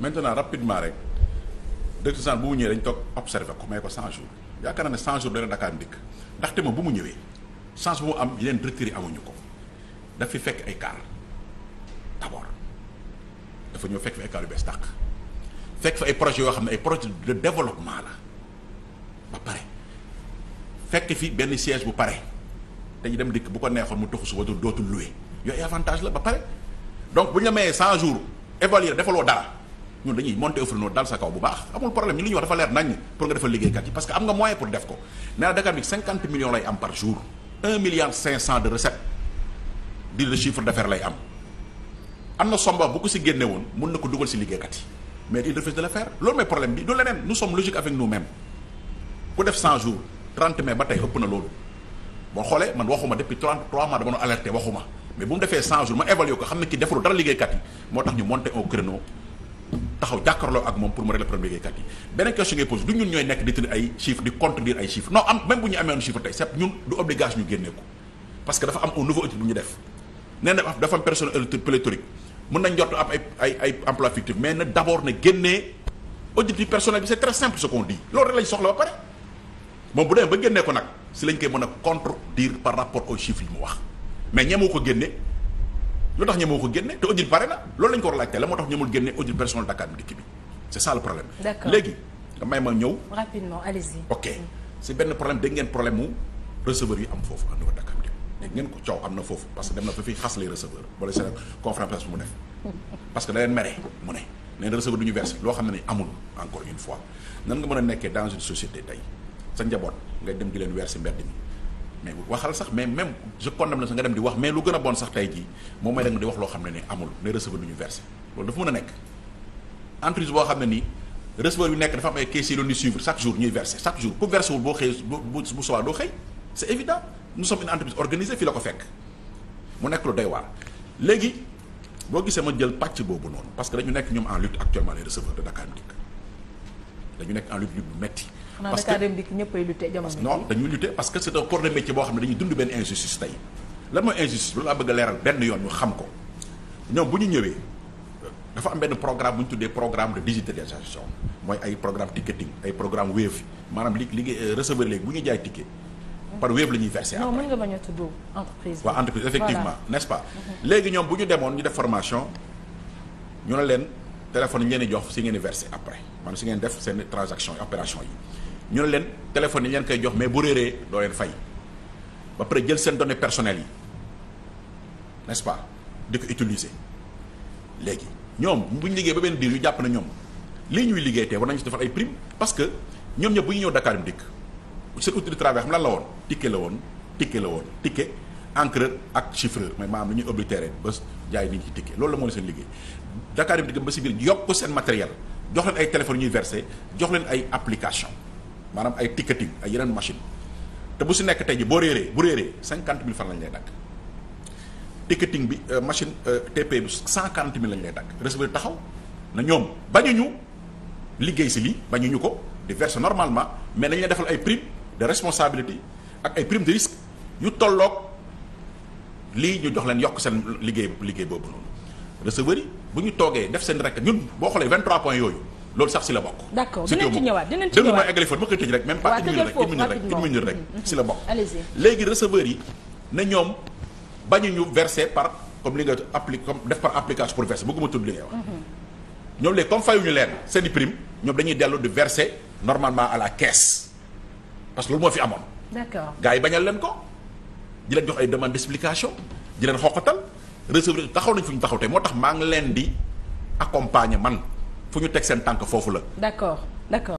maintenant rapidement rek directeur général bu mu ñëwee dañ toog observé ko may ko 100 jours yaakaar naa ne 100 jours dana Dakar ndikk ndaxte moom bu mu ñëwee chance bu mu am yeneen directeurs yi amuñu ko daf fi fekk ay kaar d' abord dafa ñëw fekk fi ay kaar fekk fi ay projets yoo xam ne ay projet de développement la ba pare fekk fi benn siège bu pare dañu dem dikk bu ko neexoon mu toxu suba dootu loué yooyu avantage la ba pare donc bu ñu la mayee 100 jours évaluer defaloo ñun dañuy monter au fourneau dal sa kaw bu baax amul problème ñu li ñuy wax dafa leer nañ pour nga defal liggéeykat yi parce que am nga moyen pour def ko nee na Dakar bi 50 lay am par jour 1 milliard 500 de recette di le chiffre d'affaires lay am am na somba bu ko si génne woon mën na ko dugal si liggéeykat yi mais il refuse de le faire loolu mooy problème bi du leneen nous sommes logiques avec nous-mêmes ku def 100 jours 30 mai ba tey na loolu boo xoolee man waxuma depuis 33 mois dama doon alerté defee 100 jours ma évalué ko xam ne ki defaru moo tax ñu monter au taxaw jàkkaarloo ak moom pour mu régler problème liggéeykat yi beneen question ngay pose du ñun ñooy nekk di tëdd ay chiffres di contredire ay chiffres non am même bu ñu amee woon chiffre tey c'est ñun du obligation ñu génnee ko parce que dafa am un nouveau étude bu ñu def nee na dafa am personne pléthorique mën nañ njort am ay ay ay emploi fictif mais na d'abord na génnee objectif personnel bi c'est très simple ce qu'on dit loolu rek lañ soxla ba pare moom bu demee ba génnee ko nag si lañ koy mën a contredire par rapport aux chiffres yi mu wax mais ñemoo ko génne lu tax ñemoo ko génne te audit pare na loolu lañ ko war a laajte la moo tax ñemul génne audit personnel Dakar bi dikk bi c'est ça le problème. d'accord léegi nga may ma ñëw. ok si benn problème dégg ngeen problème mu receveur yi am foofu ànd ko Dakar bi ngeen ko coow am na foofu parce que dem na fa fi xas les receveurs wala seen conférence mu def parce que mere mu ne neen receveur du ñu versé loo xam ne ni amul encore une fois nan nga mën a nekkee dans une société tey sa dem di leen verser mais waxal sax mais même je condamne sax nga dem di wax mais lu gën a bon sax tey jii moom mooy da nga di wax loo xam ne ni amul ne receveur du ñu versé loolu dafa mën a nekk entreprise boo xam ne ni receveur bi nekk dafa am ay caissiers jour ñuy versé chaque jour ku boo xëy bu soowaa doo xëy c'est évident nous sommes une entreprise organisée fii la ko fekk mu nekk lu doy waar léegi boo gisee ma jël pàcc boobu noonu parce que dañu nekk ñoom en lutte actuellement les receveurs de Dakar Midi dañu nekk en lutte bu metti parce que non dañuy lutter parce que c'est un corps de métier boo xam ne dañuy dund benn injustice tey lan mooy injustice bi laa bëgg leeral benn yoon ñu xam ko ñoom bu ñu ñëwee dafa am benn programme bu ñu tuddee programme de digitalisation mooy ay programme ticketing ay programme wave maanaam li liggéey euh, receveur léegi bu ñuy jaay ticket par wave la ñuy verser non mën pas léegi ñoom bu ñu demoon ñu def formation ñu ne leen téléphone yi ngeen di jox si ngeen di versé après maanaam si ngeen def seen transaction yi yi ñu ne leen téléphone yi ngeen koy jox mais bu réeree doo leen fay ba pare jël seen données personnelles yi n'est-ce pas di ko utiliser léegi ñoom bu ñu liggéey ba benn diir ñu jàpp na ñoom lii ñuy liggéey tey war nañu si defal ay prime parce que ñoom ñëpp bu ñu ñëw Dakar mu dikk seen outil de xam lan la woon ticket la woon ticket la woon ticket encreur ak chiffreur mooy maanaam lu ñuy oblitérer ba jaay nit ñi ci loolu la moo seen liggéey Dakar Dem Dikk ba si biir yokk seen matériel jox leen ay téléphones ñuy versé jox leen ay application maanaam ay ticketing ay yeneen machine te bu si nekk tey ji boo réeree bu réeree cinquante mille fan lañ lay dagg ticketing bi euh, machine euh, TP bi cent quarante mille lañ lay dagg taxaw na ñoom bañuñu liggéey si bañuñu ko di verse normalement mais nañ defal ay prime de responsabilité ak ay prime de risque yu tollook lii ñu jox leen yokk seen liggéey liggéey boobu noonu receveurs yi bu ñu toogee def seen rek ñun boo xoolee 23 points yooyu loolu sax si la bokk. d'accord dinañ ci ñëwaat dinañ ci ñëwaat ma eggale tëj rek même pas une minute rek une minute rek mm-hmm. si la bokk. léegi receveurs yi na ñoom bañu ñu verser par comme li nga applique comme def par application pour verser bëgguma tudd li ngay wax. Mm-hmm. ñoom léegi comme fayuñu leen seen prime ñoom dañuy dellu di verser normalement à la caisse parce que loolu moo fi amoon. d'accord gars yi bañal leen ko di leen jox ay demande d'explication di leen xoqatal recevre taxaw nañ fu ñu taxaw tey moo tax maa ngi leen di accompagner man fu ñu teg seen tànk foofu la. d'accord d'accord.